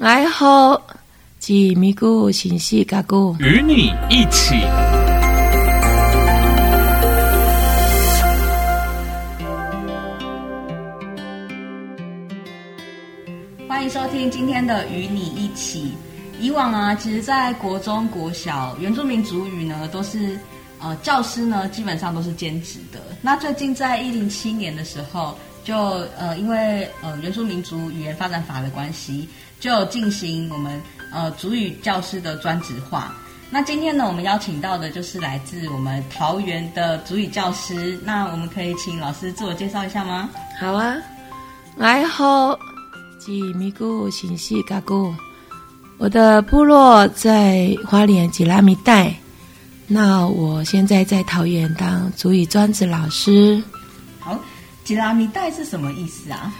來好是咪咕信息咖咕，語你一起，歡迎收聽今天的語你一起。以往啊，其實，在國中國小原住民族語呢，都是呃教師呢，基本上都是兼職的。那最近在一零七年的時候，就呃，因為呃原住民族語言發展法的關係。就進行我們呃族語教師的專職化。那今天呢，我們邀請到的就是來自我們桃園的族語教師。那我們可以請老師自我介紹一下嗎？好啊，來好米嘎，我的部落在花蓮吉拉米代。那我現在在桃園當族語專職老師。好，吉拉米代是什麼意思啊？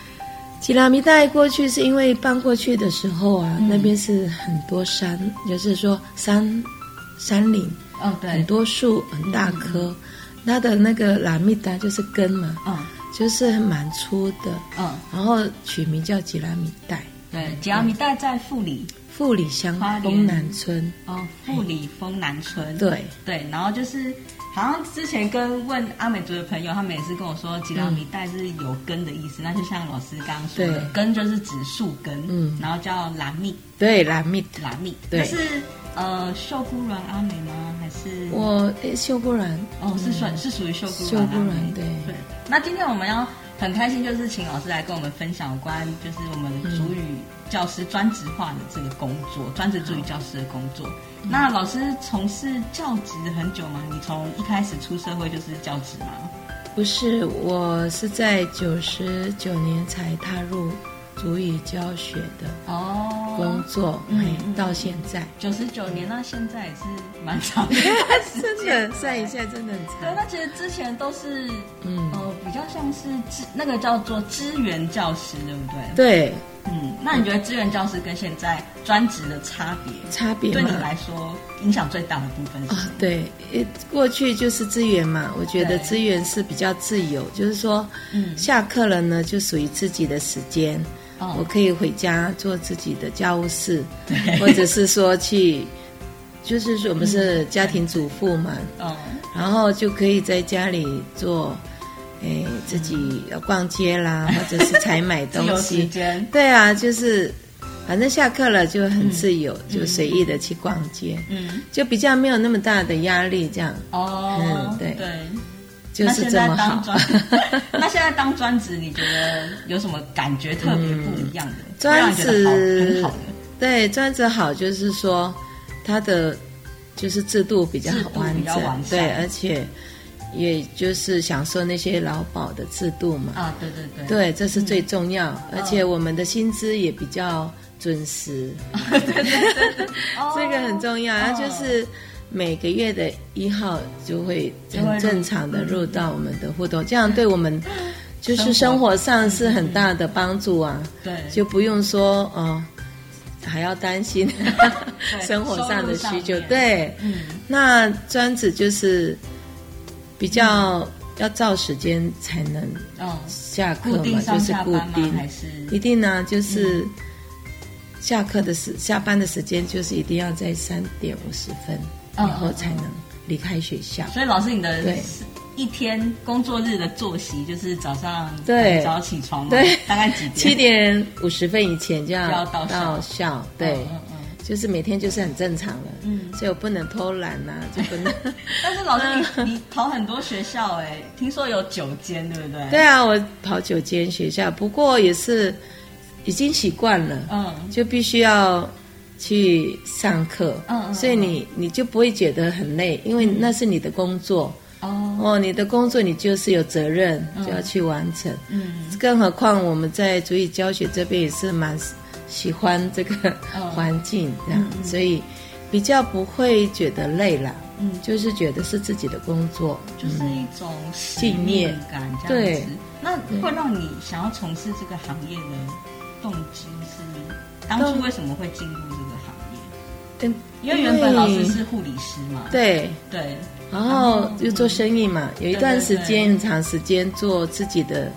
吉拉米帶過去是因為搬過去的時候啊、嗯，那邊是很多山，就是說山山林，嗯、哦，對，很多樹很大棵、嗯，它的那個拉米袋就是根嘛，嗯，就是蠻粗的，嗯，然後取名叫吉拉米帶，對、嗯，吉拉米帶在富里，富里鄉豐南村，哦，富里豐南村、嗯，對對，然後就是。好像之前跟問阿美族的朋友，他們也是跟我說吉拉米帶是有根的意思，嗯、那就像老師剛剛說的，根就是指樹根、嗯，然後叫藍蜜，對藍蜜藍蜜。對是呃秀姑巒阿美嗎？還是我誒，秀姑巒哦，是、嗯、是屬於秀姑巒。秀姑巒對，對。那今天我們要很開心，就是請老師來跟我們分享關，就是我們族語、嗯。屬於教師專職化的這個工作，專職族語教師的工作。那老師從事教職很久嗎、嗯？你從一開始出社會就是教職嗎？不是，我是在九十九年才踏入族語教學的哦工作哦嗯嗯嗯、嗯，到現在，九十九年到現在也是蠻長的時間，算一下， 現在真的很長。對，那其實之前都是嗯、呃，比較像是支那個叫做支援教師，對不對？對。嗯，那你覺得資源教師跟現在專職的差別？差別對你來說影響最大的部分是？啊，對，過去就是資源嘛，我覺得資源是比較自由，就是說，嗯，下課了呢，就屬於自己的時間，嗯，我可以回家做自己的家務事，或者是說去，就是說我們是家庭主婦嘛，哦，嗯，然後就可以在家裡做。哎，自己要逛街啦，或者是採買東西， 對啊，就是，反正下課了就很自由，嗯、就隨意的去逛街，嗯，就比較沒有那麼大的壓力，這樣。哦、嗯嗯，對，對，就是這麼好。那現在當專職， 專你覺得有什麼感覺特別不一樣的？專、嗯、職好，好的，對，專職好就是說，它的就是制度比較，好完整，制度比較完整，對，而且。也就是享受那些勞保的制度嘛。啊、哦，對對對，對，這是最重要、嗯，而且我們的薪資也比較準時，哦、 對對對對對 這個很重要。啊、哦、就是每個月的一號就會很正常的入到我們的戶頭。這樣對我們就是生活上是很大的幫助啊。嗯、對，就不用說哦，還要擔心 生活上的需求。對、嗯，那專職就是。比較要照時間才能下課嘛，哦、定下班就是固定，還是一定呢？就是下課的時、嗯、下班的時間就是一定要在三點五十分以、哦、後才能離開學校。哦哦哦、所以老師，你的對一天工作日的作息就是早上對早起床對，大概幾點？七點五十分以前就要到校，要到校，到校對。哦哦就是每天就是很正常的，嗯，所以我不能偷懶吶、啊，就不能。 但是老師你，你、嗯、你跑很多學校哎、欸，聽說有九間，對不對？對啊，我跑九間學校，不過也是已經習慣了，嗯，就必須要去上課，嗯，所以你你就不會覺得很累，因為那是你的工作哦、嗯、哦，你的工作你就是有責任就要去完成，嗯，嗯，更何況我們在族語教學這邊也是蠻。喜歡這個環境，這樣、嗯，所以比較不會覺得累了，嗯，就是覺得是自己的工作，就是一種信念感這樣子、嗯。那會讓你想要從事這個行業的動機是、嗯、當初為什麼會進入這個行業、嗯？因為原本老師是護理師嘛，對對，對，然後就做生意嘛、嗯，有一段時間，對對對，很長時間做自己的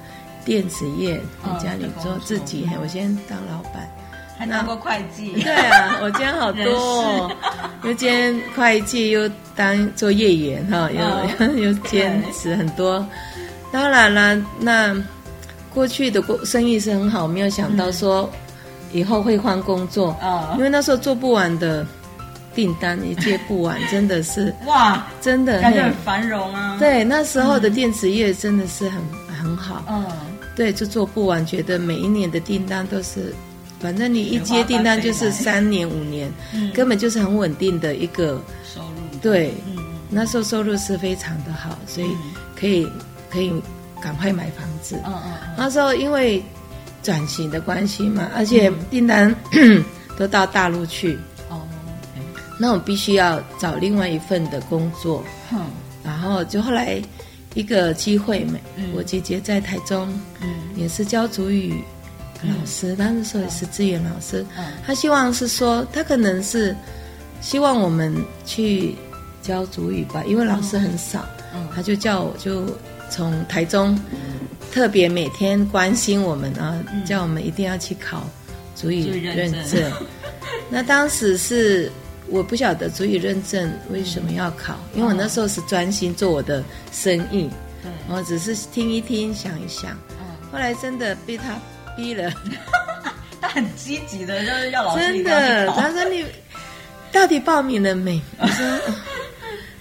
電子業，在家裡做自己、嗯，我先當老闆。當過會計，對啊，我今天好多、哦，又 兼人事 會計，又當做業員哈，又、哦哦、又兼職很多。當然了，那過去的生意是很好，沒有想到說以後會換工作啊、嗯，因為那時候做不完的訂單也接不完，真的是哇，真的很，很繁榮啊。對，那時候的電子業真的是很、嗯、很好，嗯，對，就做不完，覺得每一年的訂單都是。反正你一接訂單就是三年五年，嗯，根本就是很穩定的一個收入。對，嗯，那時候收入是非常的好，所以可以，嗯、可以趕快買房子，嗯。那時候因為轉型的關係嘛，嗯，而且訂單，嗯、都到大陸去。哦，嗯，那我們必須要找另外一份的工作。嗯，然後就後來一個機會嘛，嗯，我姐姐在台中，嗯、也是教族語。嗯、老師，當時說也是志願老師，他希望是說他可能是希望我們去教族語吧，因為老師很少，哦嗯、他就叫我就從台中，特別每天關心我們啊，嗯、叫我們一定要去考族語認證。認證 那當時是我不曉得族語認證為什麼要考，嗯，因為我那時候是專心做我的生意，我，嗯、只是聽一聽，嗯、想一想，後來真的被他。逼了，他很積極的，就是要老師要。真的，他說你到底報名了沒？ 我說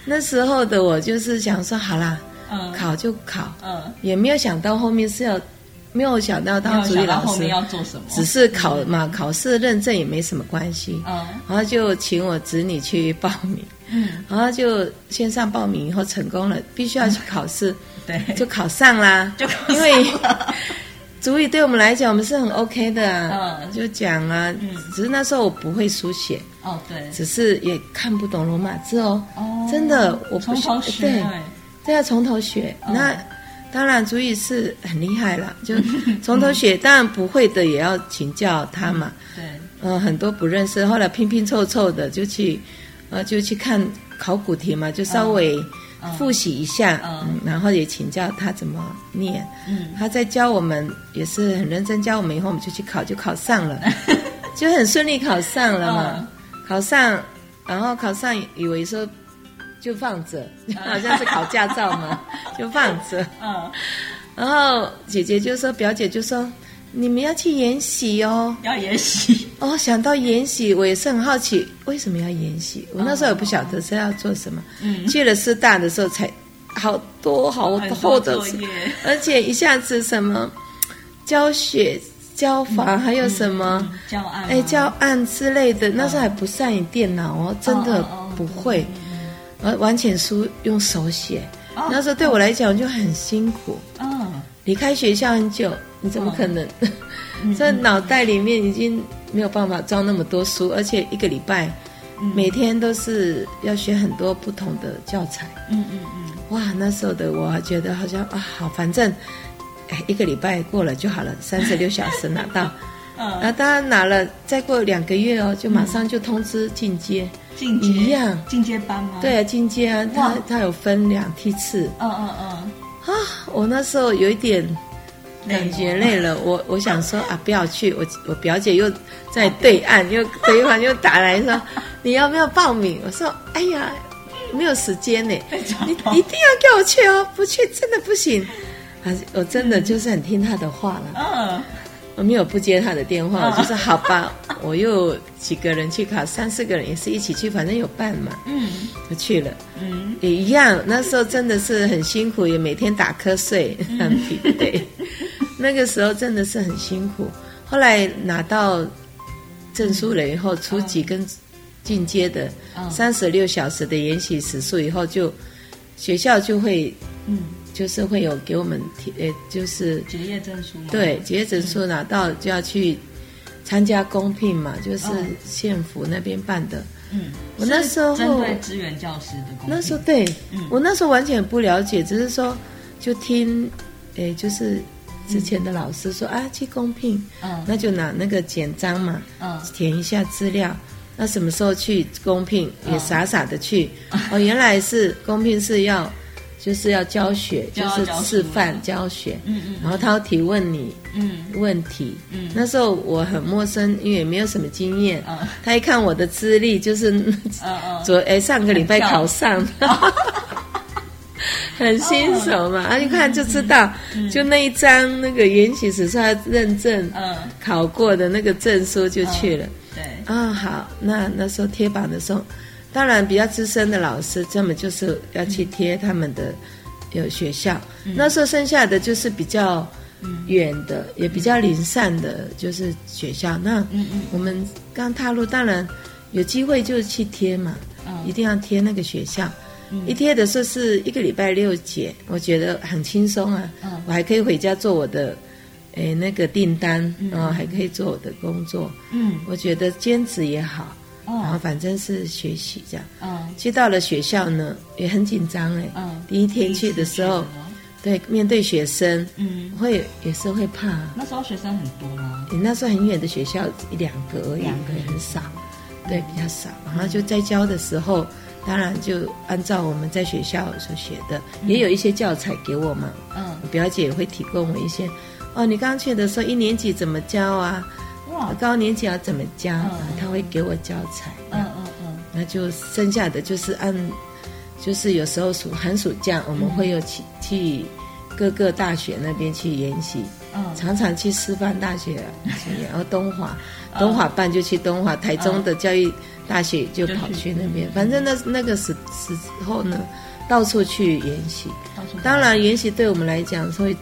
那時候的我就是想說，好啦、嗯，考就考，嗯，也沒有想到後面是要，沒有想到當主理老師要做什麼，只是考嘛、嗯，考試認證也沒什麼關係，嗯，然後就請我侄女去報名，嗯，然後就線上報名以後成功了，必須要去考試，嗯、對，就考上啦，就考上了因為。 族語對我們來講，我們是很 OK 的、啊啊，就講啊、嗯，只是那時候我不會書寫，哦，對，只是也看不懂羅馬字哦，真的我不對，這要從頭學，哦啊頭學哦、那當然族語是很厲害了，就從頭學，嗯、當然不會的也要請教他嘛、嗯，對，嗯，很多不認識，後來拼拼湊湊的就去，呃，就去看考古題嘛，就稍微、哦。復習一下，嗯，嗯，然後也請教他怎麼念，哦，嗯，他在教我們，也是很認真教我們，以後我們就去考，就考上了， 就很順利考上了嘛， 考上，然後考上以為說就放着，好像是考駕照嘛， 就放着， 嗯，然後姐姐就說，表姐就說。你們要去研習哦，要研習哦。想到研習，我也是很好奇，為什麼要研習？我那時候也不曉得是要做什麼。嗯，去了師大的時候，才好多好多的作業，而且一下子什麼教學、教法、嗯、還有什麼、嗯嗯、教案、啊、哎教案之類的。那時候還不善於電腦哦，嗯、我真的不會。哦哦、而完全書用手寫、哦，那時候對我來講、哦、我就很辛苦。嗯，離開學校很久。你怎麼可能？Oh. Mm -hmm. 這腦袋裡面已經沒有辦法裝那麼多書，而且一個禮拜、mm -hmm. 每天都是要學很多不同的教材。嗯嗯嗯。哇，那時候的我覺得好像啊，好，反正哎，一個禮拜過了就好了，三十六小時拿到。嗯。 然後當然拿了，再過兩個月哦，就馬上就通知進階。進、mm -hmm. 一樣。進階班嗎、啊？對啊，進階啊，他、wow. 他，他有分兩梯次。嗯嗯嗯。啊，我那時候有一點。感覺累了，我我想說啊，不要去。我我表姐又在對岸， 又等一會又打來說，你要不要報名？我說哎呀，沒有時間呢。 你一定要叫我去哦，不去真的不行、啊。我真的就是很聽她的話了。嗯，我沒有不接她的電話、嗯，我就說好吧。我又幾個人去考，三四個人也是一起去，反正有伴嘛。嗯，我去了。嗯，也一樣。那時候真的是很辛苦，也每天打瞌睡，很疲憊。 那個時候真的是很辛苦。後來拿到證書了以後，初級跟進階的三十六小時的研習時數以後，就學校就會，嗯，就是會有給我們提，就是，結業證書。對，結業證書拿到就要去參加公聘嘛，就是縣府那邊辦的。嗯，我那時候針對支援教師的公聘。那時候對、嗯、我那時候完全不了解，只是說就聽，哎，就是。之前的老師說啊，去公聘、嗯，那就拿那個簡章嘛，嗯嗯，填一下資料。那什麼時候去公聘？也傻傻的去、嗯。哦，原來是公聘是要，就是要教學，嗯、就，教學就是示範教，教學。嗯，嗯然後他要提問你、嗯，問題。嗯。那時候我很陌生，因為也沒有什麼經驗、嗯。他一看我的資歷，就是，昨、嗯、哎、嗯 欸、上個禮拜考上。 很新手嘛，哦、啊，一、嗯、看就知道、嗯，就那一張那個原始職校認證，嗯，考過的那個證書就去了。哦、對，啊、哦，好，那那時候貼榜的時候，當然比較資深的老師，這麼就是要去貼他們的、嗯、有學校、嗯。那時候剩下的就是比較遠的，嗯、也比較零散的，就是學校。那，嗯嗯，我們剛踏入，當然有機會就是去貼嘛、哦，一定要貼那個學校。嗯、一天的時候是一個禮拜六節，我覺得很輕鬆啊，嗯、我還可以回家做我的，哎那個訂單啊，嗯、然後還可以做我的工作，嗯，我覺得兼職也好，嗯、然後反正是學習這樣，嗯，去到了學校呢也很緊張哎、欸，嗯，第一天去的時候，對，面對學生，嗯，會也是會怕、啊，那時候學生很多嗎？你那時候很遠的學校一兩個，兩個也很少，嗯、對比較少，然後就在教的時候。當然，就按照我們在學校所學的，嗯、也有一些教材給我們嗯，我表姐也會提供我一些。哦，你剛去的時候一年級怎麼教啊？高年級要怎麼教啊？啊、嗯、她會給我教材、啊。嗯嗯嗯。那、嗯嗯、就剩下的就是按，就是有時候暑寒暑假，我們會有去去各個大學那邊去研習。嗯，常常去師範大學、啊嗯去，然後東華，嗯、東華辦就去東華、嗯，台中的教育、嗯。嗯大學就跑去那邊，反正那那個時時候呢、嗯，到處去研習。當然，研習對我們來講是會，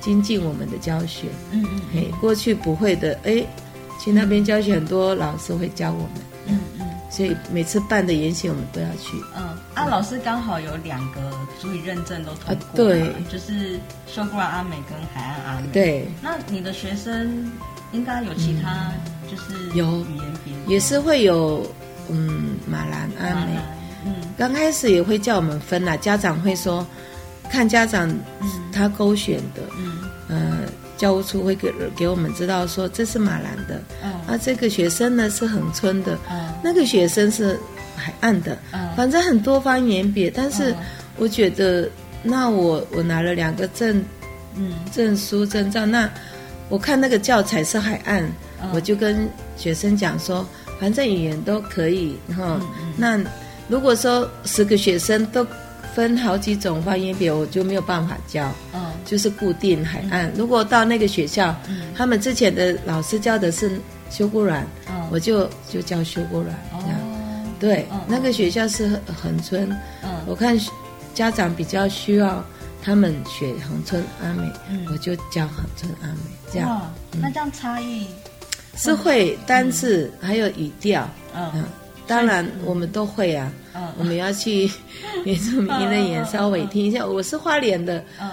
精進我們的教學。嗯嗯，嗯。嘿、欸，過去不會的，哎、欸，去那邊教學很多、嗯、老，老師會教我們。嗯嗯。所以每次辦的研習我們都要去。嗯，啊，老師剛好有兩個族語認證都通過了。啊，對。就是秀姑巒阿美跟海岸阿美。對。那你的學生？應該有其他，就是有語言別的，嗯，也是會有，嗯，馬蘭、阿、啊、美，嗯，剛開始也會叫我們分啊，家長會說，看家長，他勾選的，嗯，呃，教務處會給給我們知道說，這是馬蘭的，嗯，啊，這個學生呢是恆春的，嗯，那個學生是海岸的，嗯，反正很多方言別，但是我覺得，那我我拿了兩個證，嗯，證書證照那。我看那個教材是海岸、哦，我就跟學生講說，反正語言都可以哈、嗯嗯。那如果說十個學生都分好幾種方言別，我就沒有辦法教。嗯、就是固定海岸、嗯。如果到那個學校、嗯，他們之前的老師教的是秀姑巒、嗯，我就就教秀姑巒。哦、對、嗯，那個學校是恆春、嗯。我看家長比較需要。他們學恆春阿美、嗯，我就教恆春阿美，這樣，哦嗯、那這樣差異是會、嗯，但是還有語調，嗯、啊，當然我們都會啊，嗯，我們要去演，也這名人演。稍微聽一下，我是花蓮的，嗯，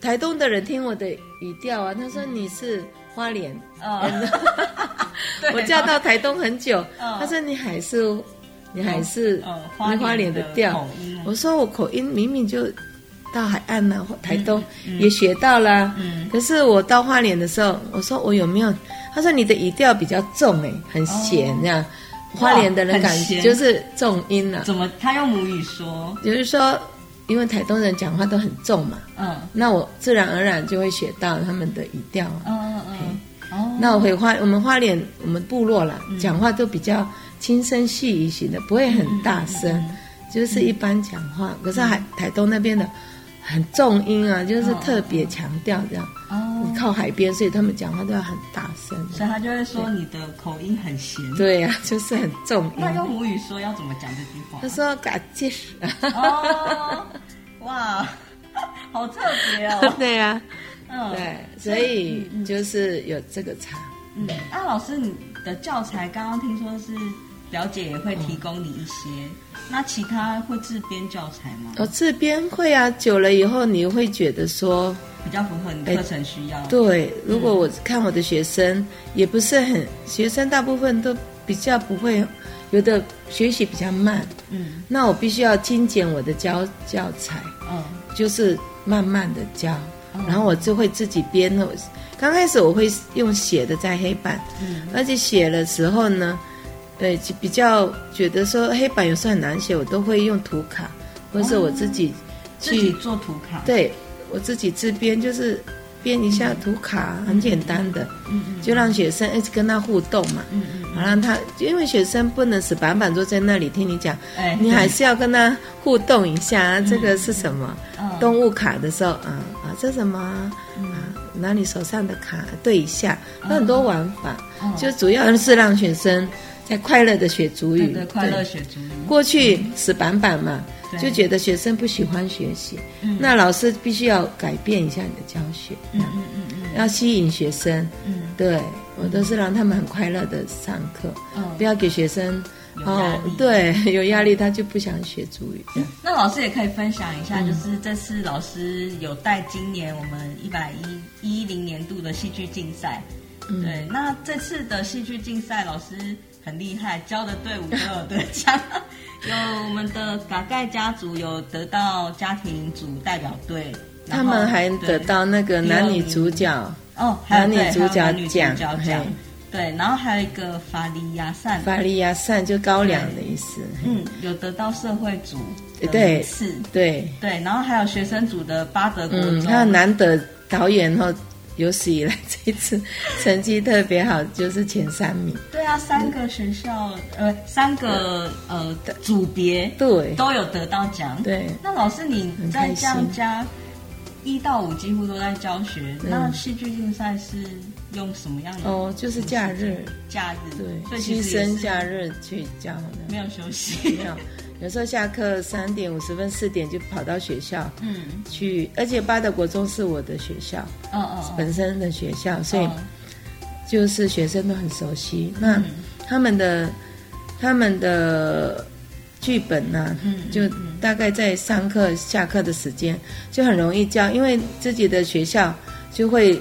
台東的人聽我的語調啊，他說你是花蓮，嗯、 對 我嫁到台東很久、嗯，他說你還是，嗯、你還是，嗯，嗯花蓮的調、嗯，我說我口音明明就。到海岸啊，或台東、嗯嗯、也學到了、啊嗯。可是我到花蓮的時候，我說我有沒有？他說你的語調比較重、欸，哎，很鹹、啊。這、哦、樣。花蓮的人感覺就是重音了、啊就是啊。怎麼？他用母語說，也就是說，因為台東人講話都很重嘛。嗯，那我自然而然就會學到他們的語調、啊。嗯嗯嗯。哦，那我會花、嗯、我們花蓮我們部落啦，嗯、講話都比較輕聲細語型的，不會很大聲，嗯、就是一般講話。嗯、可是海台東那邊的。很重音啊，就是特別強調這樣。哦，哦，你靠海邊，所以他們講話都要很大聲，所以他就會說你的口音很鹹。對啊，就是很重音。那用母語說要怎麼講這句話？他說“感謝”。哦，哇，好特別哦。對啊，嗯，對，所以，所以、嗯嗯、就是有這個差。嗯，那、啊、老師，你的教材剛剛聽說是？表姐也會提供你一些、哦，那其他會自編教材嗎？哦，自編會啊，久了以後你會覺得說比較符合你課程需要。哎，對，嗯，如果我看我的學生也不是很，學生大部分都比較不會，有的學習比較慢。嗯，那我必須要精簡我的教教材。嗯，就是慢慢的教，嗯、然後我就會自己編。剛開始我會用寫的在黑板，嗯、而且寫的時候呢。對，比較覺得說黑板有時候很難寫，我都會用圖卡，哦、或者我自己去自己做圖卡。對，我自己自編，就是編一下圖卡，嗯、很簡單的，嗯嗯嗯、就讓學生一直、欸、跟他互動嘛。嗯嗯。好讓他，因為學生不能死板板坐在那裡聽你講、哎，你還是要跟他互動一下。這個是什麼、嗯？動物卡的時候，啊、嗯、啊，這什麼啊、嗯？啊，拿你手上的卡對一下，有很多玩法、嗯嗯，就主要是讓學生。在快樂的學族語對對對，對，快樂學族語。過去死板板嘛、嗯，就覺得學生不喜歡學習，那老師必須要改變一下你的教學，嗯嗯，嗯嗯，要吸引學生，嗯，對嗯我都是讓他們很快樂的上課，嗯、哦，不要給學生有壓力、哦，對，有壓力他就不想學族語、嗯。那老師也可以分享一下，就是這次老師有帶今年我們一百一一零年度的戲劇競賽、嗯，對，那這次的戲劇競賽老師。很厲害，教的隊伍都有得獎，有我們的嘎蓋家族有得到家庭組代表隊，他們還得到那個男女主角哦還有，男女主角獎，對，然後還有一個法利亞善，法利亞善就高粱的意思，嗯，有得到社會組一次，對，是，對，對，然後還有學生組的巴德國，嗯，他很難得導演後有史以來這一次成績特別好，就是前三名。對啊，三個學校，嗯、呃，三個呃組別，對，都有得到獎。對，那老師你在樣家，家一到五幾乎都在教學，嗯，那戲劇競賽是用什麼樣的哦？哦、就是，就是假日，假日對，犧牲假日去教的，沒有休息。 有時候下課三點五十分四點就跑到學校，嗯，去，而且八德國中是我的學校，哦哦，本身的學校，所以就是學生都很熟悉。那他們的他們的劇本呢，嗯，就大概在上課下課的時間就很容易教，因為自己的學校就會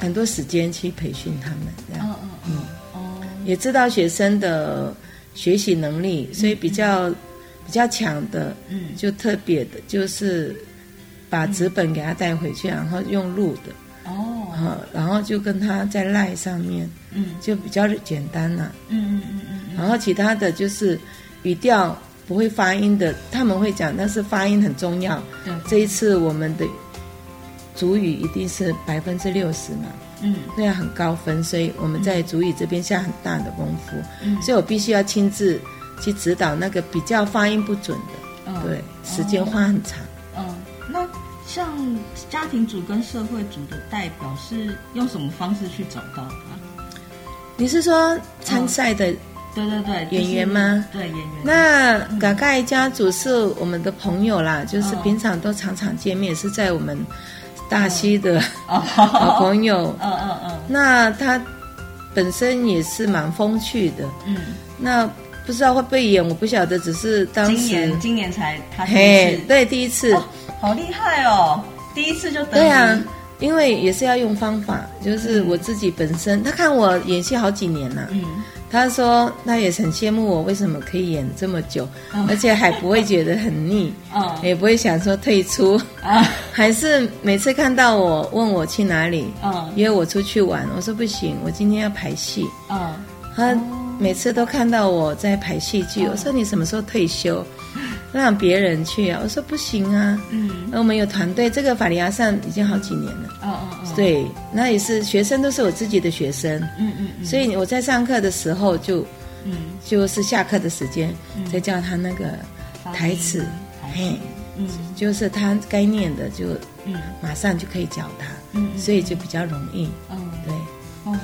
很多時間去培訓他們，這樣，嗯哦，也知道學生的學習能力，所以比較。比較強的，就特別的、嗯、就是把紙本給他帶回去、嗯，然後用錄的哦，然後就跟他在 LINE 上面，嗯，就比較簡單了、啊，嗯嗯嗯嗯，然後其他的就是語調不會發音的，他們會講，但是發音很重要。嗯、這一次我們的族語一定是百分之六十嘛，嗯，那樣很高分，所以我們在族語這邊下很大的功夫，嗯、所以我必須要親自。去指導那個比較發音不準的，哦、對、哦，時間花很長。嗯、哦，那像家庭組跟社會組的代表是用什麼方式去找到、啊、你是說參賽的、哦？對對對、就是，演員嗎？對演員。那嘎蓋、嗯、家族是我們的朋友啦，就是平常都常常見面，哦、是在我們大溪的、哦、 好朋友。嗯嗯嗯。那他本身也是蠻風趣的。嗯。那。不知道會不會演，我不曉得，只是當時今年今年才他第一次，對第一次、哦，好厲害哦！第一次就登對啊，因為也是要用方法，就是我自己本身，他看我演戲好幾年了，嗯，他說他也很羨慕我，為什麼可以演這麼久，嗯，而且還不會覺得很膩，嗯，也不會想說退出，嗯，還是每次看到我問我去哪裡，嗯，約因為我出去玩，我說不行，我今天要拍戲，嗯，他。哦每次都看到我在排戲劇，我說，你什麼時候退休？哦，讓別人去啊？我說不行啊，嗯，那我們有團隊，這個法利亞上已經好幾年了，哦、嗯、哦，對、哦，那也是學生都是我自己的學生，嗯嗯，嗯，所以我在上課的時候就，嗯，就是下課的時間再、嗯、叫他那個台詞、嗯台詞嗯，嘿，嗯，就是他該念的就，嗯，馬上就可以教他，嗯，所以就比較容易，嗯。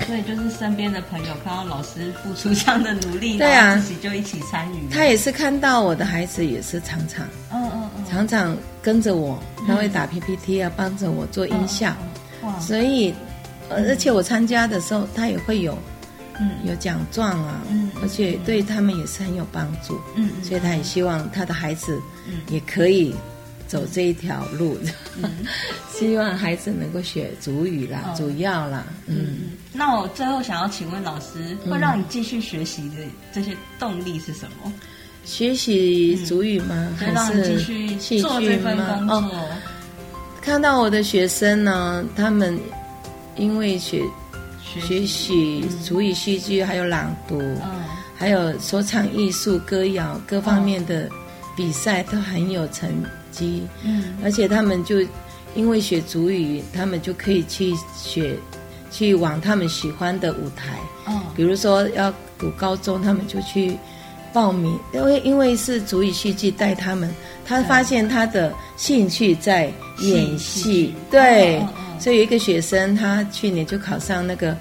所以就是身邊的朋友看到老師付出這樣的努力，對啊，自己就一起參與。他也是看到我的孩子也是常常，嗯嗯嗯，常常跟着我，他會打 PPT 啊，嗯、幫着我做音效。嗯、所以、嗯，而且我參加的時候，他也會有，嗯，有獎狀啊、嗯，而且對他們也是很有幫助，嗯嗯。所以他也希望他的孩子，嗯，也可以。走這一條路、嗯，希望孩子能夠學族語啦，嗯，主要啦嗯。嗯，那我最後想要請問老師，嗯、會讓你繼續學習的這些動力是什麼？學習族語嗎？嗯、還是繼續做這份工作、哦哦？看到我的學生呢，他們因為學學習族語、戲劇、嗯、還有朗讀，嗯、還有說唱藝術、嗯、歌謠各方面的比賽都很有成機，嗯，而且他們就因為學族語，他們就可以去學，去往他們喜歡的舞台，哦，比如說要讀高中，他們就去報名，因為因為是族語戲劇帶他們，他發現他的興趣在演戲，對、哦嗯，所以有一個學生，他去年就考上那個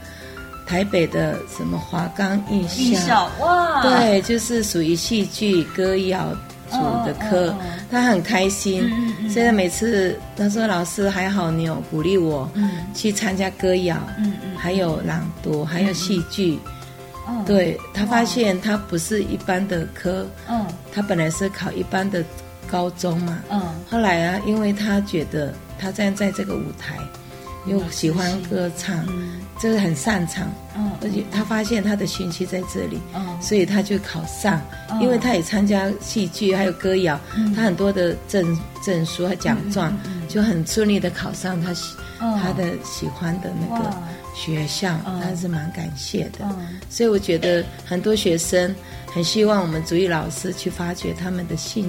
台北的什麼華岡藝校哇，對，就是屬於戲劇歌謠。的科，oh, oh, oh. 他很開心。現、嗯、在、嗯、每次他說：“老師還好，你有鼓勵我。”去參加歌謠，嗯、還有朗讀、嗯，還有戲劇。嗯、對、哦、他發現他不是一般的科。他本來是考一般的高中嘛、嗯。後來啊，因為他覺得他站在這個舞台，嗯、又喜歡歌唱。哦就是很擅長，而且他發現他的興趣在這裡、嗯，所以他就考上、嗯。因為他也參加戲劇，還有歌謠、嗯，他很多的證證書和獎狀，嗯嗯嗯、就很順利的考上他喜、嗯、他的喜歡的那個學校。他是蠻感謝的、嗯，所以我覺得很多學生很希望我們族語老師去發掘他們的興。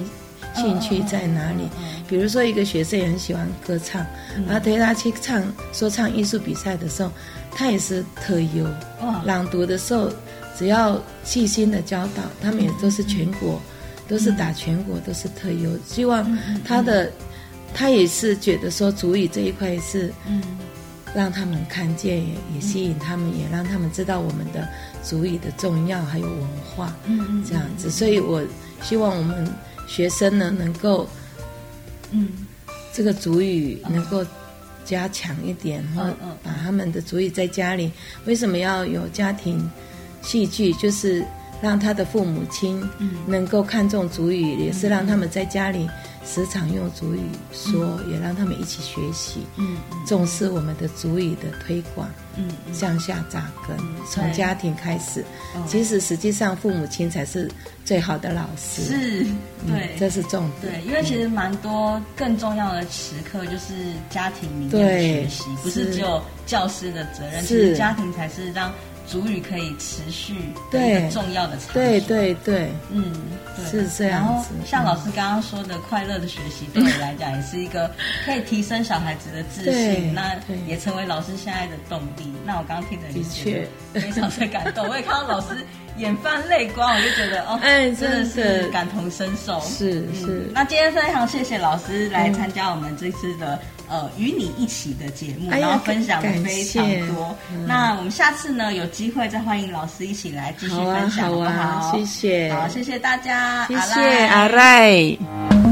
興趣在哪裡？哦嗯嗯嗯、比如說，一個學生也很喜歡歌唱，然後，推他去唱說唱藝術比賽的時候，他也是特優、哦。朗讀的時候，只要細心的教導，他們也都是全國，嗯嗯、都是打全國、嗯、都是特優。希望他的、嗯嗯，他也是覺得說，族語這一塊是，嗯，讓他們看見、嗯、也吸引他們、嗯，也讓他們知道我們的族語的重要還有文化，嗯嗯，這樣子。所以我希望我們，學生呢，能夠，嗯，這個族語能夠加強一點，然後把他們的族語在家裡，為什麼要有家庭戲劇？就是讓他的父母親，嗯，能夠看重族語，也是讓他們在家裡。時常用族語說，嗯，也讓他們一起學習。嗯，嗯，重視我們的族語的推廣嗯。嗯，向下紮根，嗯、從家庭開始。其實，實際上，父母親才是最好的老師。是、嗯，對，這是重點。對，因為其實蠻多更重要的時刻就是家庭裡面學習，對，不是只有教師的責任。是，家庭才是讓。族語可以持續的一個重要的場景，對對對，對，嗯，對，是這樣子。然後像老師剛剛說的，快樂的學習對我來講也是一個可以提升小孩子的自信，那也成為老師現在的動力。那我剛，剛聽的是覺得非常的感動的，我也看到老師眼泛淚光，我就覺得哦，哎、欸，真的是感同身受，是是、嗯。那今天非常謝謝老師來參加我們這次的。呃，語你一起的節目，哎、然後分享的非常多，嗯。那我們下次呢，有機會再歡迎老師一起來繼續分享，好、啊、好不好，好、啊？謝謝，好，謝謝大家，謝謝阿瑞。謝謝阿